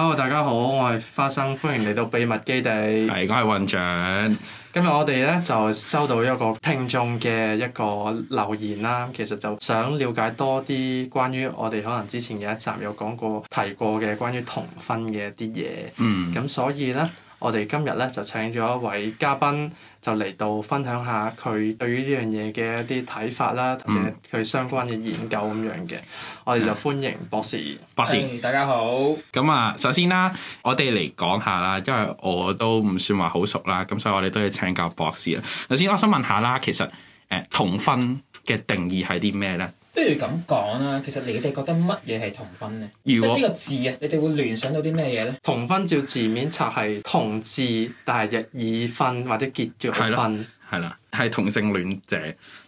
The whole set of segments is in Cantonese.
Hello 大家好，我係花生，歡迎嚟到秘密基地。係，我係混長。今日我哋咧就收到一個聽眾嘅一個留言啦，其實就想了解多啲關於我哋可能之前有一集有講過提過嘅關於同婚嘅一啲嘢。嗯，咁所以咧。我哋今日咧就請咗一位嘉賓，就嚟到分享下佢對於呢樣嘢嘅一啲睇法啦，或者佢相關嘅研究咁樣嘅。我哋就歡迎博士，嗯、博士、嗯，大家好。咁啊，首先啦，我哋嚟講下啦，因為我都唔算話好熟啦，咁所以我哋都要請教博士啦。首先，我想問下啦，其實誒同婚嘅定義係啲咩呢？不如咁講啦，其實你哋覺得乜嘢係同婚咧？如果呢個字啊，你哋會聯想到啲咩嘢咧？同婚照字面拆係同字，但係亦已婚或者結咗婚，係啦，係同性戀者，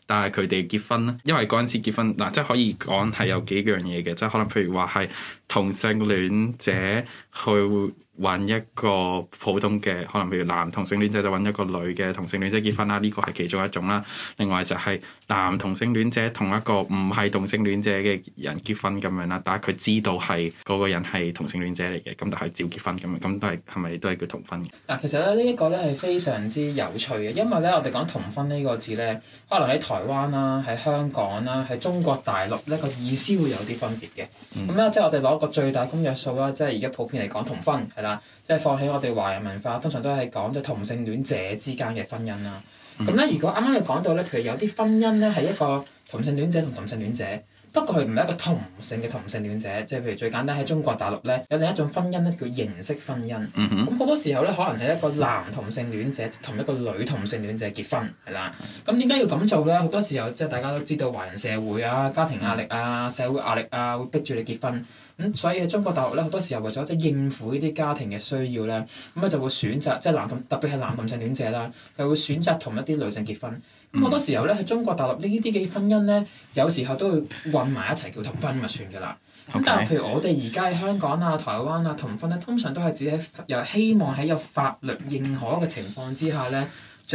但係佢哋結婚咧，因為嗰陣時結婚嗱，啊，即係可以講係有幾樣嘢嘅，即係可能譬如話係同性戀者去。搵一個普通嘅，可能譬如男同性戀者就搵一個女嘅同性戀者結婚啦，呢、這個係其中一種啦。另外就係男同性戀者同一個唔係同性戀者嘅人結婚咁樣啦，但係佢知道係個、那個人係同性戀者嚟嘅，咁但係照結婚咁樣，咁都係係咪都係叫同婚嘅？嗱，其實咧呢一、這個咧係非常之有趣嘅，因為咧我哋講同婚呢個字咧，可能喺台灣啦、啊、喺香港啦、啊、喺中國大陸咧個意思會有啲分別嘅。咁啦、嗯，即係我哋攞個最大公約數啦，即係而家普遍嚟講同婚係啦。嗯即係放喺我哋華人文化，通常都係講即係同性戀者之間嘅婚姻啦。咁咧、嗯，如果啱啱你講到咧，譬如有啲婚姻咧係一個同性戀者同同性戀者。不過佢唔係一個同性嘅同性戀者，即係譬如最簡單喺中國大陸咧，有另一種婚姻咧叫形式婚姻。嗯哼。咁好多時候咧，可能係一個男同性戀者同一個女同性戀者結婚，係啦。咁點解要咁做咧？好多時候即係大家都知道華人社會啊、家庭壓力啊、社會壓力啊會逼住你結婚。咁所以喺中國大陸咧，好多時候為咗即係應付呢啲家庭嘅需要咧，咁咧就會選擇即係男同特別係男同性戀者啦，就會選擇同一啲女性，女性結婚。咁好多時候咧，喺中國大陸呢啲嘅婚姻咧，有時候都會混埋一齊叫同婚咪算噶啦。咁 Okay. 但係譬如我哋而家喺香港啊、台灣啊同婚咧，通常都係指喺又希望喺有法律認可嘅情況之下咧。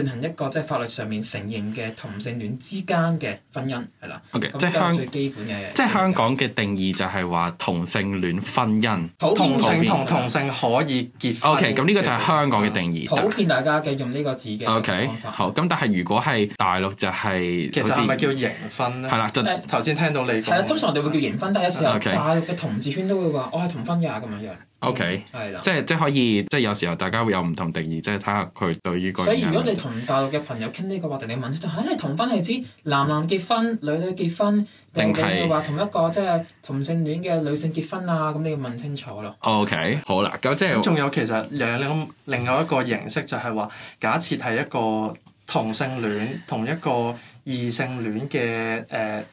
進行一個即係法律上面承認嘅同性戀之間嘅婚姻係啦，OK，即係香港最基本嘅，即係香港嘅定義就係話同性戀婚姻，同性同同性可以結。OK，咁呢個就係香港嘅定義，普遍的大家嘅用呢個字嘅方法，OK，好，咁但係如果係大陸就係，其實係咪叫形婚咧？係啦，頭先聽到你講係啦，通常我哋會叫形婚，但係有時候大陸嘅同志圈都會話我係同婚呀咁樣。O K，係啦，okay, 嗯、即係的即係可以，即係有時候大家會有唔同定義，即係睇下佢對於個。所以如果你同大陸嘅朋友傾呢個話題、哎，你問就吓你同婚係指男男結婚、嗯、女女結婚，定係話同一個即係、就是、同性戀嘅女性結婚啊？咁你要問清楚咯。O、okay, K，好啦，咁即係。仲有其實有兩另外一個形式就係話，假設係一個同性戀同一個異性戀嘅誒。呃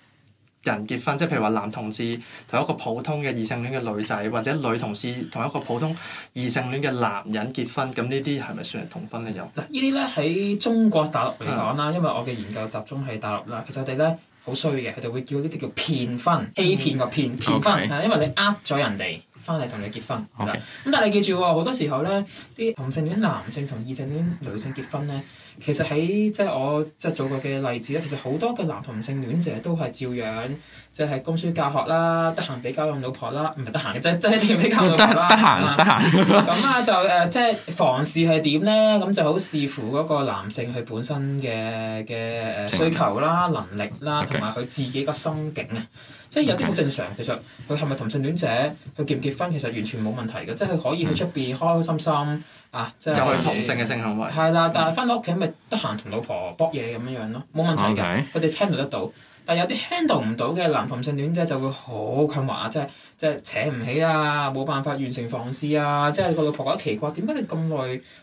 人結婚，即係譬如話男同志同一個普通嘅異性戀嘅女仔，或者女同志同一個普通異性戀嘅男人結婚，咁呢啲係咪算係同婚咧？有呢啲咧喺中國大陸嚟講啦，因為我嘅研究集中喺大陸啦，其實我哋咧好衰嘅，佢哋會叫呢啲叫騙婚，A 騙個騙騙婚，因為你呃咗人哋翻嚟同你結婚。咁但係你記住喎，好多時候咧，啲同性戀男性同異性戀女性結婚咧。其實喺即係我即係做過嘅例子咧，其實好多嘅男同性戀者都係照樣、嗯、即係供書教學啦，得閒畀家用老婆啦，唔係得閒即係即係點畀家用老婆啦，得閒得閒。咁啊得空 就誒、呃、即係房事係點咧？咁就好視乎嗰個男性佢本身嘅嘅誒需求啦、能力啦，同埋佢自己個心境啊。Okay. 即係有啲好正常，其實佢係咪同性戀者，佢結唔結婚其實完全冇問題嘅，嗯、即係佢可以去出邊開開心心。啊，即係又係同性嘅性行為。係啦的，但係翻到屋企咪得閒同老婆搏嘢咁樣樣咯，冇問題嘅。佢哋 handle 得到，但係有啲 handle 唔到嘅男同性戀者就會好困惑啊！即係即係扯唔起啊，冇辦法完成房事啊！即係個老婆覺得奇怪，點解你咁耐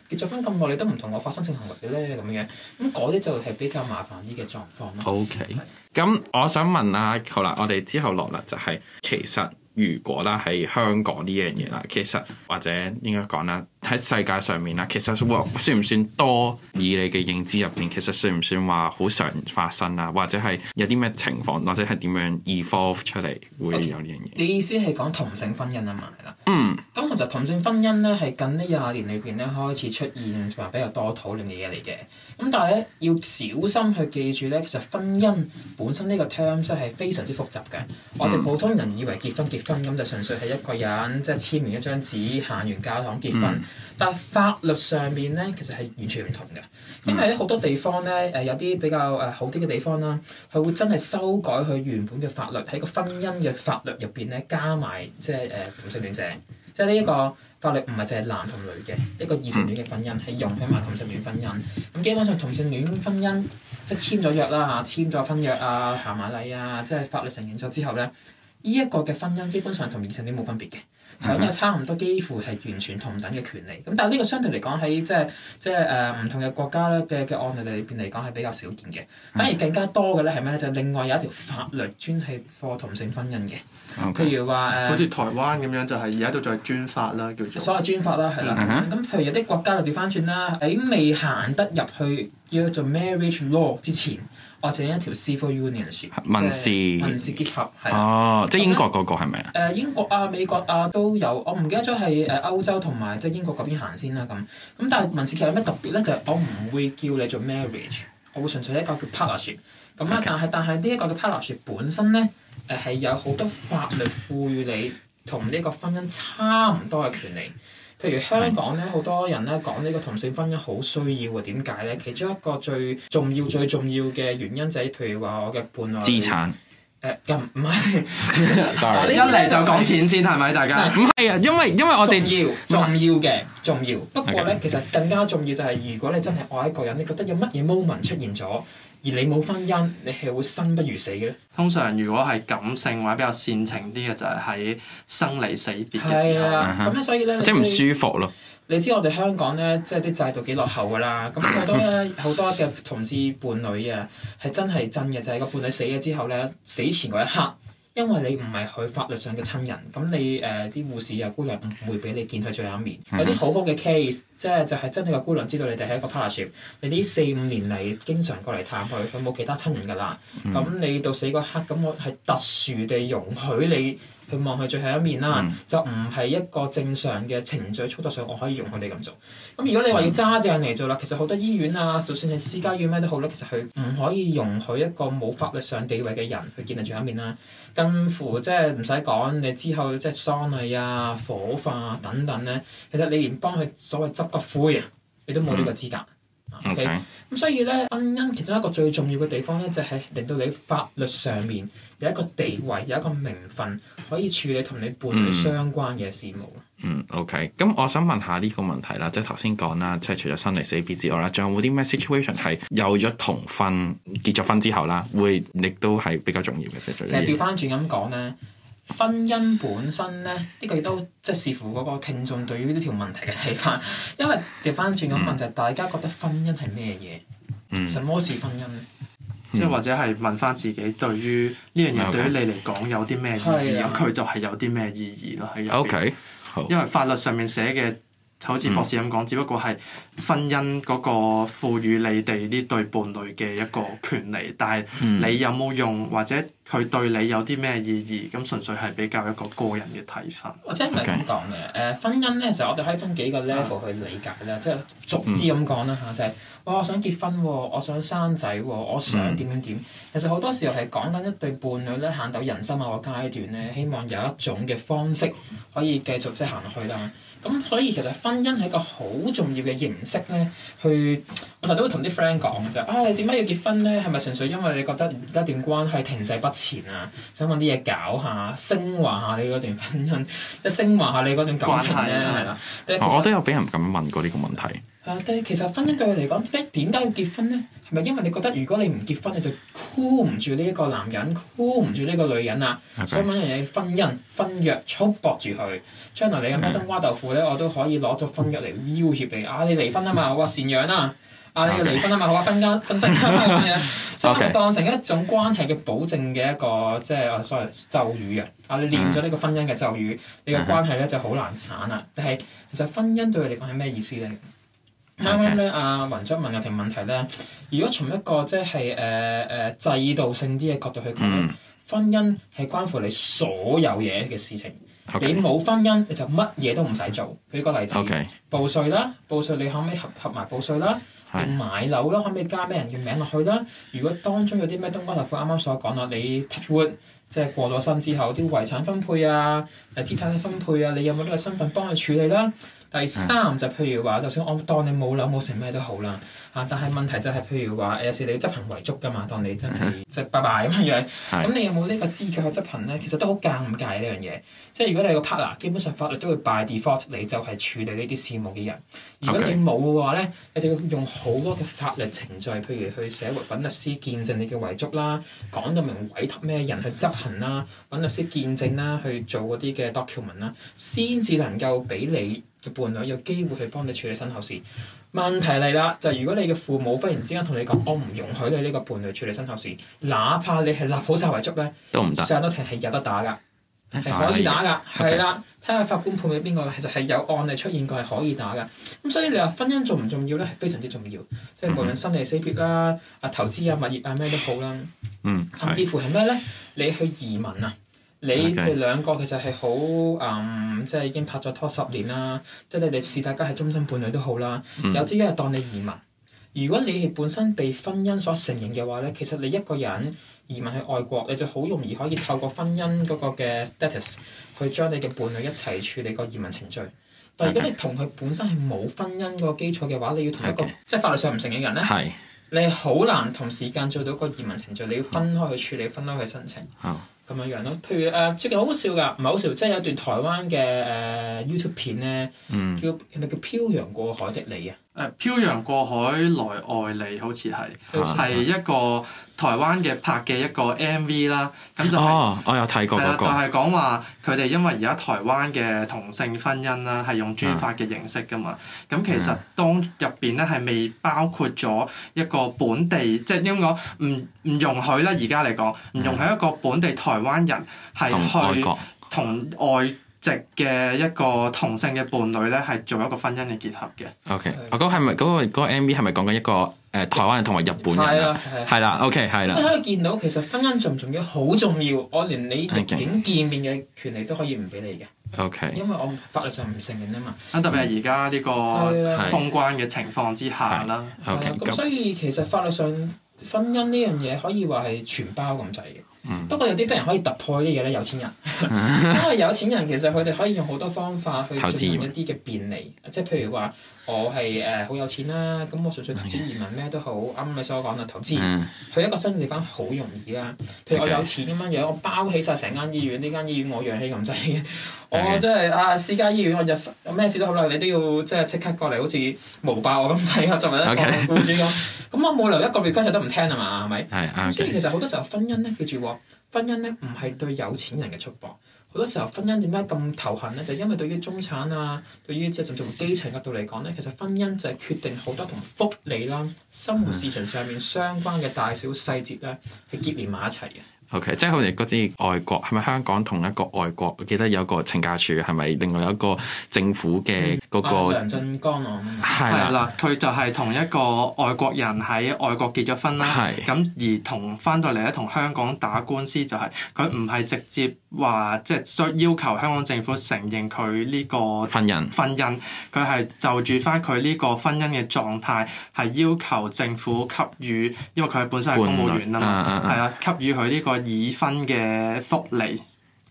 結咗婚咁耐，你都唔同我發生性行為嘅咧？咁樣咁嗰啲就係比較麻煩啲嘅狀況啦。OK，咁的我想問啊，好啦，我哋之後落嚟就係、是、其實如果咧喺香港呢樣嘢啦，其實或者應該講咧。喺世界上面啦，其實算唔算多？以你嘅認知入邊，其實算唔算話好常發生啊？或者係有啲咩情況，或者係點樣 evolve 出嚟會有呢樣嘢？Okay. 你意思係講同性婚姻啊嘛？係啦。嗯。咁其實同性婚姻咧，係近呢廿年裏邊咧開始出現話比較多討論嘅嘢嚟嘅。咁但係咧，要小心去記住咧，其實婚姻本身呢個 term 真係非常之複雜嘅。我哋普通人以為結婚、mm. 結婚咁就純粹係一個人即係、就是、簽完一張紙，行完教堂結婚。Mm. 但法律上面咧，其實係完全唔同嘅，因為咧好多地方咧，誒、呃、有啲比較誒好啲嘅地方啦，佢會真係修改佢原本嘅法律，喺個婚姻嘅法律入邊咧加埋即係誒同性戀者，即係呢一個法律唔係淨係男同女嘅一個異性戀嘅婚姻，係容許埋同性戀婚姻。咁、嗯、基本上同性戀婚姻即係簽咗約啦嚇，簽咗婚約啊，行埋禮啊，即係法律承認咗之後咧，呢、這、一個嘅婚姻基本上同異性戀冇分別嘅。享有、嗯、差唔多幾乎係完全同等嘅權利，咁但係呢個相對嚟講喺即係即係誒唔同嘅國家咧嘅嘅案例裏邊嚟講係比較少見嘅，反而更加多嘅咧係咩咧？就另外有一條法律專係課同性婚姻嘅，譬 Okay. 如話誒，呃、好似台灣咁樣就係而家都在專法啦叫做，所謂專法啦係啦，咁、嗯、哼譬如有啲國家就調翻轉啦，誒未行得入去叫做 Marriage Law 之前，或者一條 Civil Unions 民事 民事結合係哦，即係英國嗰個係咪啊？誒英國啊美國啊。都有，我唔記得咗係誒歐洲同埋即係英國嗰邊行先啦咁。咁但係民事結有咩特別咧？就係、是、我唔會叫你做 marriage，我會純粹一個叫 partnership 咁啊，但係但係呢一個嘅 partnership 本身咧誒係有好多法律賦予你同呢個婚姻差唔多嘅權利。譬如香港咧，好 Okay. 多人咧講呢個同性婚姻好需要啊。點解咧？其中一個最重要最重要嘅原因就係、是、譬如話我嘅伴侶，資產。誒，唔唔係，一嚟 Sorry. 就講、是、錢先係咪？大家唔係是啊，因為因為我哋要重要嘅重，是重要。不過咧，Okay. 其實更加重要就係，如果你真係愛一個人，你覺得有乜嘢 moment 出現咗，而你冇婚姻，你係會生不如死嘅咧。通常如果係感性或者比較煽情啲嘅，就係、是、喺生離死別嘅時候。係啊，咁、嗯、哼所以咧，即係唔舒服咯。你知我哋香港咧，即係啲制度幾落後㗎啦。咁我都咧好多嘅 同事伴侶啊，係真係真嘅，就係、是、個伴侶死咗之後咧，死前嗰一刻，因為你唔係佢法律上嘅親人，咁你誒啲、呃、護士啊、姑娘唔會俾你見佢最後一面。Mm hmm. 有啲好好嘅 case，即係就係真係個姑娘知道你哋係一個 partnership，你呢四五年嚟經常過嚟探佢，佢冇其他親人㗎啦。咁、mm hmm. 你到死嗰刻，咁我係特殊地容許你。佢望佢最後一面啦，嗯、就唔係一個正常嘅程序操作上，我可以容許你咁做。咁如果你話要揸正嚟做啦，其實好多醫院啊，就算你私家醫院咩都好咧，其實佢唔可以容許一個冇法律上地位嘅人去見佢最後一面啦。近乎即係唔使講，你之後即係、就是、喪禮啊、火化、啊、等等咧，其實你連幫佢所謂執骨灰啊，你都冇呢個資格。嗯。OK，咁所以咧，婚姻其中一個最重要嘅地方咧，就係、是、令到你法律上面有一個地位，有一個名分，可以處理同你伴侶相關嘅事務。嗯，嗯，OK，咁我想問下呢個問題啦，即係頭先講啦，即係除咗生離死別之外啦，仲有冇啲咩 situation 係有咗同婚結咗婚之後啦，會亦都係比較重要嘅？即係最調翻轉咁講咧。婚姻本身咧，呢、呢個亦都即係視乎嗰個聽眾對於呢條問題嘅睇法。因為掉翻轉咁問、就是，就係、嗯、大家覺得婚姻係咩嘢？嗯，什麼是婚姻？即係或者係問翻自己，對於呢樣嘢對於你嚟講有啲咩意義？咁佢的就係有啲咩意義咯喺入邊。Okay. 因為法律上面寫嘅，好似博士咁講，嗯、只不過係婚姻嗰個賦予你哋呢對伴侶嘅一個權利，但係你有冇用或者？佢對你有啲咩意義？咁純粹係比較一個個人嘅睇法。或者唔係咁講嘅，誒 Okay.、呃、婚姻咧，其實我哋可以分幾個 level 去理解咧，嗯、即係逐啲咁講啦嚇，就係、是、我、哦、我想結婚喎、啊，我想生仔喎、啊，我想點樣點。嗯、其實好多時候係講緊一對伴侶咧行到人生某個階段咧，希望有一種嘅方式可以繼續即係行落去啦。咁所以其實婚姻係一個好重要嘅形式咧，去我成日都會同啲 friend 講就係，啊你點解要結婚咧？係咪純粹因為你覺得一段關係停滯不前？前啊，想揾啲嘢搞下，昇華下你嗰段婚姻，即係昇華下你嗰段感情咧，係啦、呃。我都有俾人咁問過呢個問題。係，但係其實婚姻對佢嚟講，點解要結婚咧？係咪因為你覺得如果你唔結婚，你就箍唔住呢一個男人，箍唔住呢個女人啊？想揾樣嘢婚姻婚約束縛住佢，將來你有咩冬瓜豆腐咧，我都可以攞咗婚約嚟要挾你啊！你離婚啊嘛，我、嗯、贍養啊。阿你要離婚啊嘛，Okay. 好啊，分家分身啊咁樣，即 當成一種關係嘅保證嘅一個，即係所謂咒語啊。阿你念咗呢個婚姻嘅咒語，你嘅、mm. 關係咧就好難散啦。Okay. 但係其實婚姻對你嚟講係咩意思咧？啱啱咧，阿雲章問一條問題咧，如果從一個即係誒誒制度性啲嘅角度去講，mm. 婚姻係關乎你所有嘢嘅事情。Okay. 你冇婚姻，你就乜嘢都唔使做。舉個例子，Okay. 報稅啦，報稅你可唔可以合合埋報稅啦。要買樓啦，可唔可以加咩人嘅名落去啦？如果當中有啲咩冬瓜豆腐，啱啱所講啦，你 touch wood，即係過咗身之後啲遺產分配啊、誒資產分配啊，你有冇呢個身份幫佢處理啦？第三就譬如話，就算我當你冇樓冇成咩都好啦，嚇、啊，但係問題就係譬如話，有時你要執行遺囑噶嘛，當你真係即係拜拜咁樣樣，咁的你有冇呢個資格去執行咧？其實都好尷尬呢樣嘢。即係如果你個 partner 基本上法律都會 by default 你就係處理呢啲事務嘅人。如果你冇嘅話咧，你就要用好多嘅法律程序，譬如去社會揾律師見證你嘅遺囑啦，講到明委託咩人去執行啦，揾律師見證啦，去做嗰啲嘅 document 啦，先至能夠俾你。嘅伴侶有機會去幫你處理身後事，問題嚟啦，就係、如果你嘅父母忽然之間同你講，我唔容許你呢個伴侶處理身後事，哪怕你係立好晒遺囑咧，都唔得，上得庭係有得打噶，係可以打噶，係啦，睇下的 Okay. 法官判俾邊個，其實係有案例出現過係可以打噶，咁所以你話婚姻重唔重要咧，係非常之重要，mm hmm. 即係無論生離死別啦、啊、啊投資啊、物業啊咩都好啦，嗯，甚至乎係咩咧，的你去移民啊。你哋兩個其實係好嗯，即係已經拍咗拖十年啦，即係你哋視大家係終身伴侶都好啦。嗯、有啲一係當你移民，如果你係本身被婚姻所承認嘅話咧，其實你一個人移民去外國，你就好容易可以透過婚姻嗰個嘅 status 去將你嘅伴侶一齊處理個移民程序。但係如果你同佢本身係冇婚姻個基礎嘅話，你要同一個 Okay. 即係法律上唔承認嘅人咧，Okay. 你好難同時間做到個移民程序。你要分開去處理，分開去申請。Oh. 咁樣樣咯，譬如誒、呃、最近好好笑噶，唔係好笑，即係有段台灣嘅誒 YouTube 片咧，嗯，叫係咪叫《漂洋過海的你》啊？誒飄洋過海來看你，好似係係一個台灣嘅拍嘅一個 MV 啦、就是，咁就係，我有睇過、那個，就係講話佢哋因為而家台灣嘅同性婚姻啦，係用專法嘅形式㗎嘛，咁、啊、其實當入邊咧係未包括咗一個本地，嗯、即係點講？唔唔容許啦。而家嚟講唔容許一個本地台灣人係去同外，外。直嘅一個同性嘅伴侶咧，係做一個婚姻嘅結合嘅。O K，嗰個係咪嗰個 M V 係咪講緊一個誒台灣人同埋日本人？係啊，係啦。O K，係啦。你可以見到其實婚姻重唔重要？好重要。我連你入境見面嘅權利都可以唔俾你嘅。O K。因為我法律上唔承認啊嘛。啊，特別係而家呢個封關嘅情況之下啦。OK，咁所以其實法律上婚姻呢樣嘢可以話係全包咁滯嘅。不過有啲啲人可以突破啲嘢咧，有錢人，因為有錢人其實佢哋可以用好多方法去進行一啲嘅便利。即係譬如話我係誒好有錢啦，咁我純粹投資移民咩都好，啱你所講啦，投資去一個新嘅地方好容易啦。譬如我有錢咁樣樣，我包起晒成間醫院，呢間醫院我養起咁滯嘅，我真係啊私家醫院我日咩事都好啦，你都要即係即刻過嚟好似無霸我咁滯啊，就咪咧投主咯。咁我冇理由一個月嗰陣都唔聽啊嘛，係咪？係所以其實好多時候婚姻咧，記住婚姻咧唔係對有錢人嘅束縛，好多時候婚姻點解咁頭痕咧？就是、因為對於中產啊，對於即係從基層角度嚟講咧，其實婚姻就係決定好多同福利啦、啊、生活事情上面相關嘅大小細節咧，係結連埋一齊嘅。OK，即係好似嗰啲外國，係咪香港同一個外國？我記得有個情價處係咪另外有一個政府嘅？嗯嗰個梁鎮罡嘛，係啦、啊，佢、嗯、的就係同一個外國人喺外國結咗婚啦，咁的而同翻到嚟咧，同香港打官司就係佢唔係直接話即係需要求香港政府承認佢呢個，的個婚姻婚姻，佢係就住翻佢呢個婚姻嘅狀態，係要求政府給予，因為佢本身係公務員啊嘛，係啊給予佢呢個已婚嘅福利。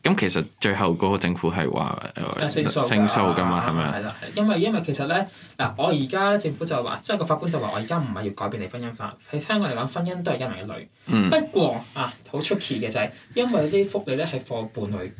咁其實最後嗰個政府係話勝訴噶嘛，係咪、啊？係啦嗎，因為因為其實咧嗱，我而家政府就話，即係個法官就話，我而家唔係要改變你婚姻法喺香港嚟講，婚姻都係一男一女。嗯、不過啊，好出奇嘅就係，因為啲福利咧係 for 伴侶，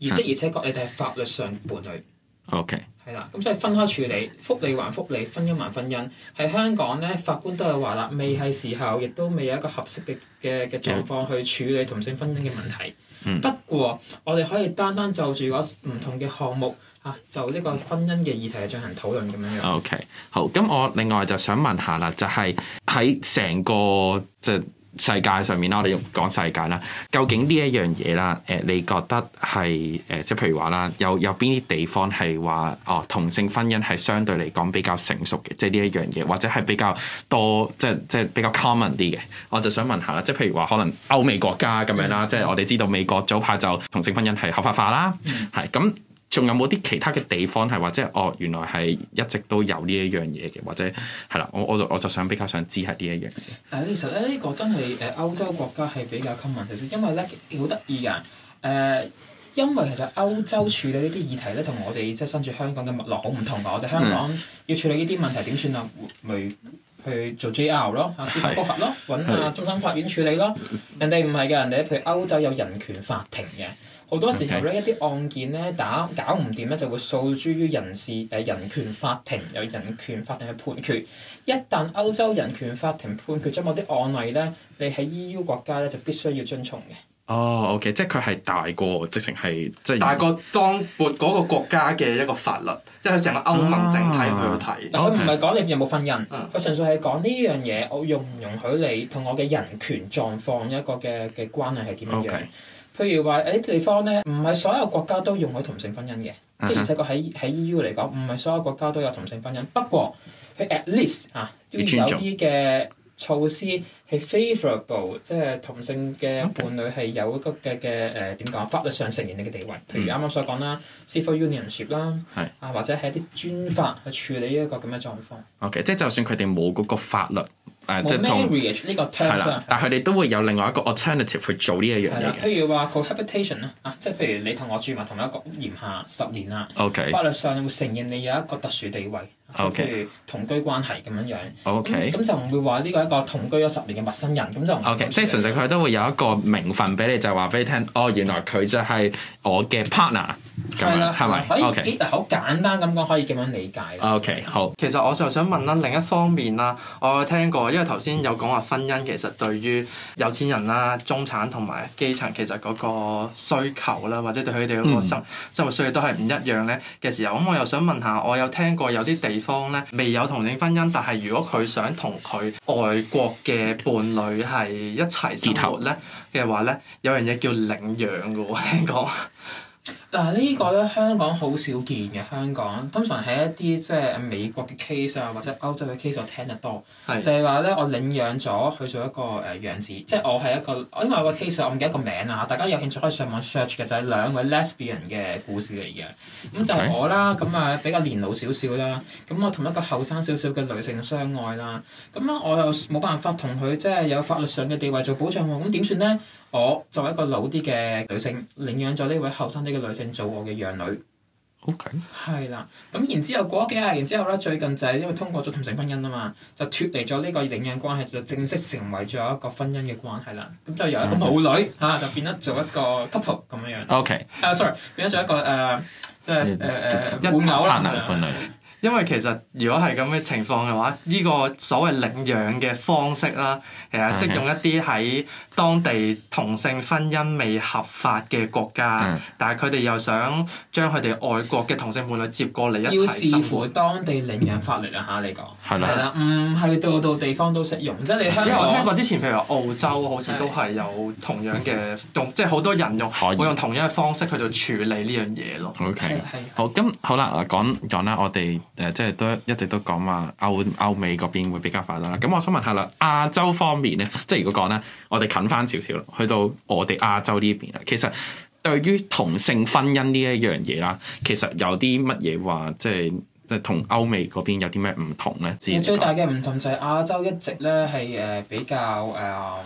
而的而且確你哋係法律上伴侶。O K. 係啦，咁的 Okay. 所以分開處理福利還福利，婚姻還婚姻。喺香港咧，法官都係話啦，未係時候，亦都未有一個合適嘅嘅嘅狀況去處理同性婚姻嘅問題。 不過，我哋可以單單就住嗰唔同嘅項目嚇，就呢個婚姻嘅議題進行討論咁樣樣。OK，好，咁我另外就想問下啦，就係喺成個即。世界上面啦，我哋用講世界啦。究竟呢一樣嘢啦，誒，你覺得係誒，即係譬如話啦，有有邊啲地方係話哦，同性婚姻係相對嚟講比較成熟嘅，即係呢一樣嘢，或者係比較多，即係即係比較 common 啲嘅。我就想問下啦，即係譬如話，可能歐美國家咁樣啦，mm hmm. 即係我哋知道美國早排就同性婚姻係合法化啦，係咁、mm。Hmm. 仲有冇啲其他嘅地方係或者哦，原來係一直都有呢一樣嘢嘅，或者係啦，我我就我就想比較想知係呢一樣嘅。誒、啊，其實咧呢個真係誒歐洲國家係比較襟問題，因為咧好得意㗎。誒、呃，因為其實歐洲處理呢啲議題咧，同我哋即係身處香港嘅脈絡好唔同㗎。嗯、我哋香港要處理呢啲問題，點算啊？會去做 J R 咯，司法覆核咯，揾下終審法院處理咯。 人哋唔係嘅，人哋譬如歐洲有人權法庭嘅，好多時候咧一啲案件咧打搞唔掂咧，就會訴諸於人事誒、呃、人權法庭，有人權法庭嘅判決。一旦歐洲人權法庭判決咗某啲案例咧，你喺 E U 國家咧就必須要遵從嘅。哦、oh，OK，即係佢係大過，直情係即係大過當撥嗰個國家嘅一個法律，即係成個歐盟整體去睇。佢唔係講你有冇婚姻，佢純、uh huh. 粹係講呢樣嘢，我容唔容許你同我嘅人權狀況一個嘅嘅關係係點樣？Okay. 譬如話喺啲地方咧，唔係所有國家都容許同性婚姻嘅，uh huh. 即係而且個喺喺 EU 嚟講，唔係所有國家都有同性婚姻。不過佢 at least 啊，都要有啲嘅措施。係 favourable，即係同性嘅伴侶係有個嘅嘅誒點講法律上承年承認你嘅地位，譬如啱啱所講啦，civil unionship 啦，係啊，或者係一啲專法去處理一個咁嘅狀況。O K，即係就算佢哋冇嗰個法律誒，冇咩 reach 呢個 term，但係佢哋都會有另外一個 alternative 去做呢一樣嘢。譬如話 cohabitation 啦，啊即係譬如你同我住埋同一個屋檐下十年啦，O K，法律上會承認你有一個特殊地位，譬如同居關係咁樣樣。O K，咁就唔會話呢個一個同居咗十年嘅陌生人咁就 OK，即係純粹佢都會有一個名分俾你，你，就話俾你聽， 哦，原來佢就係我嘅 partner 咁樣的，係咪？O K，好簡單咁講，可以咁樣理解？OK，好。其實我就想問啦，另一方面啦，我有聽過，因為頭先有講話婚姻其實對於有錢人啦、中產同埋基層，其實嗰個需求啦，或者對佢哋嗰個生、嗯、生活需要都係唔一樣咧嘅時候，咁、嗯、我又想問下，我有聽過有啲地方咧未有同性婚姻，但係如果佢想同佢外國嘅伴侶係一齊生活咧嘅話咧投，有樣嘢叫領養噶喎，聽講。嗱呢個咧香港好少見嘅，香港通常喺一啲即係美國嘅 case 啊，或者歐洲嘅 case 我聽得多，是的 就係話咧我領養咗佢做一個誒養、uh, 子，即係我係一個，因為我個 case 我唔記得個名啊，大家有興趣可以上網 search 嘅就係、是、兩位 lesbian 嘅故事嚟嘅，咁 Okay. 就我啦，咁啊比較年老少少啦，咁我同一個後生少少嘅女性相愛啦，咁咧我又冇辦法同佢即係有法律上嘅地位做保障喎，咁點算咧？我作為一個老啲嘅女性，領養咗呢位後生啲嘅女性做我嘅養女。O Okay . K。係啦，咁然之後過咗幾廿年之後咧，最近就係因為通過咗同性婚姻啊嘛，就脫離咗呢個領養關係，就正式成為咗一個婚姻嘅關係啦。咁就由一個母女吓、mm hmm. 啊，就變得做一個 couple 咁樣樣。O K。誒，sorry，變咗做一個誒，即係誒誒配偶啦。因為其實如果係咁嘅情況嘅話，呢個所謂領養嘅方式啦，其實適用一啲喺當地同性婚姻未合法嘅國家， 但係佢哋又想將佢哋外國嘅同性伴侶接過嚟一齊生活。要視乎當地領養法律啊嚇，你講係啦，唔係度度地方都適用啫。的即是你因為我聽過之前，譬如澳洲好似都係有同樣嘅，的嗯、即係好多人用以會用同樣嘅方式去做處理呢樣嘢咯。OK，好咁好啦，講講啦，我哋。誒，即係都一直都講話歐歐美嗰邊會比較快啦。咁我想問下啦，亞洲方面咧，即係如果講啦，我哋近返少少咯，去到我哋亞洲呢邊啊，其實對於同性婚姻呢一樣嘢啦，其實有啲乜嘢話，即係即係同歐美嗰邊有啲咩唔同咧？自最大嘅唔同就係、是、亞洲一直咧係，誒比較誒。呃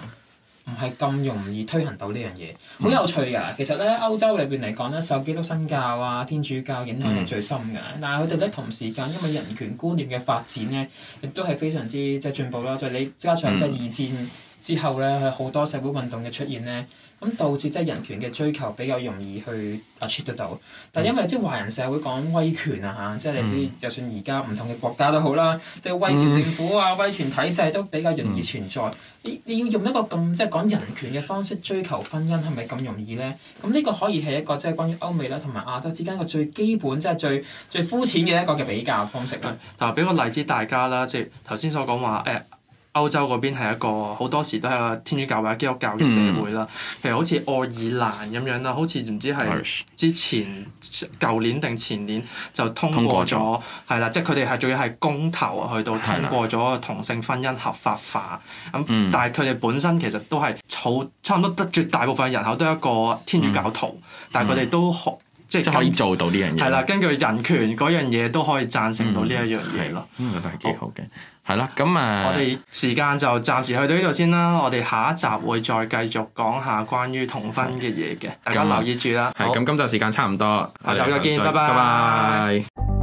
唔係咁容易推行到呢樣嘢，好有趣噶。其實咧，歐洲裏邊嚟講咧，受基督新教啊、天主教影響係最深噶。嗯、但係佢哋咧同時間，因為人權觀念嘅發展咧，亦都係非常之即係進步啦。就係就係、你加上即係。二戰。嗯之後咧，好多社會運動嘅出現咧，咁導致即係人權嘅追求比較容易去 achieve 到。但係因為、嗯、即係華人社會講威權啊嚇，即係你知，嗯、就算而家唔同嘅國家都好啦，即係威權政府啊、嗯、威權體制都比較容易存在。嗯、你你要用一個咁即係講人權嘅方式追求婚姻，係咪咁容易咧？咁呢個可以係一個即係關於歐美啦同埋亞洲之間個最基本即係最最膚淺嘅一個嘅比較方式啦。嗱，俾個例子大家啦，即係頭先所講話誒。呃歐洲嗰邊係一個好多時都係天主教或者基督教嘅社會啦，嗯、譬如好似愛爾蘭咁樣啦，好似唔知係之前舊年定前年就通過咗，係啦，即係佢哋係仲要係公投去到通過咗的的同性婚姻合法化，咁、嗯、但係佢哋本身其實都係好差唔多，得絕大部分人口都係一個天主教徒，嗯、但係佢哋都學。即係可以做到呢樣嘢。係啦，根據人權嗰樣嘢都可以贊成到呢一樣嘢咯。咁覺得係幾好嘅，係啦好。咁啊， 我哋時間就暫時去到呢度先啦。我哋下一集會再繼續講下關於同婚嘅嘢嘅，嗯、大家留意住啦。係咁，今集時間差唔多，好下集再見，拜拜。Bye bye bye bye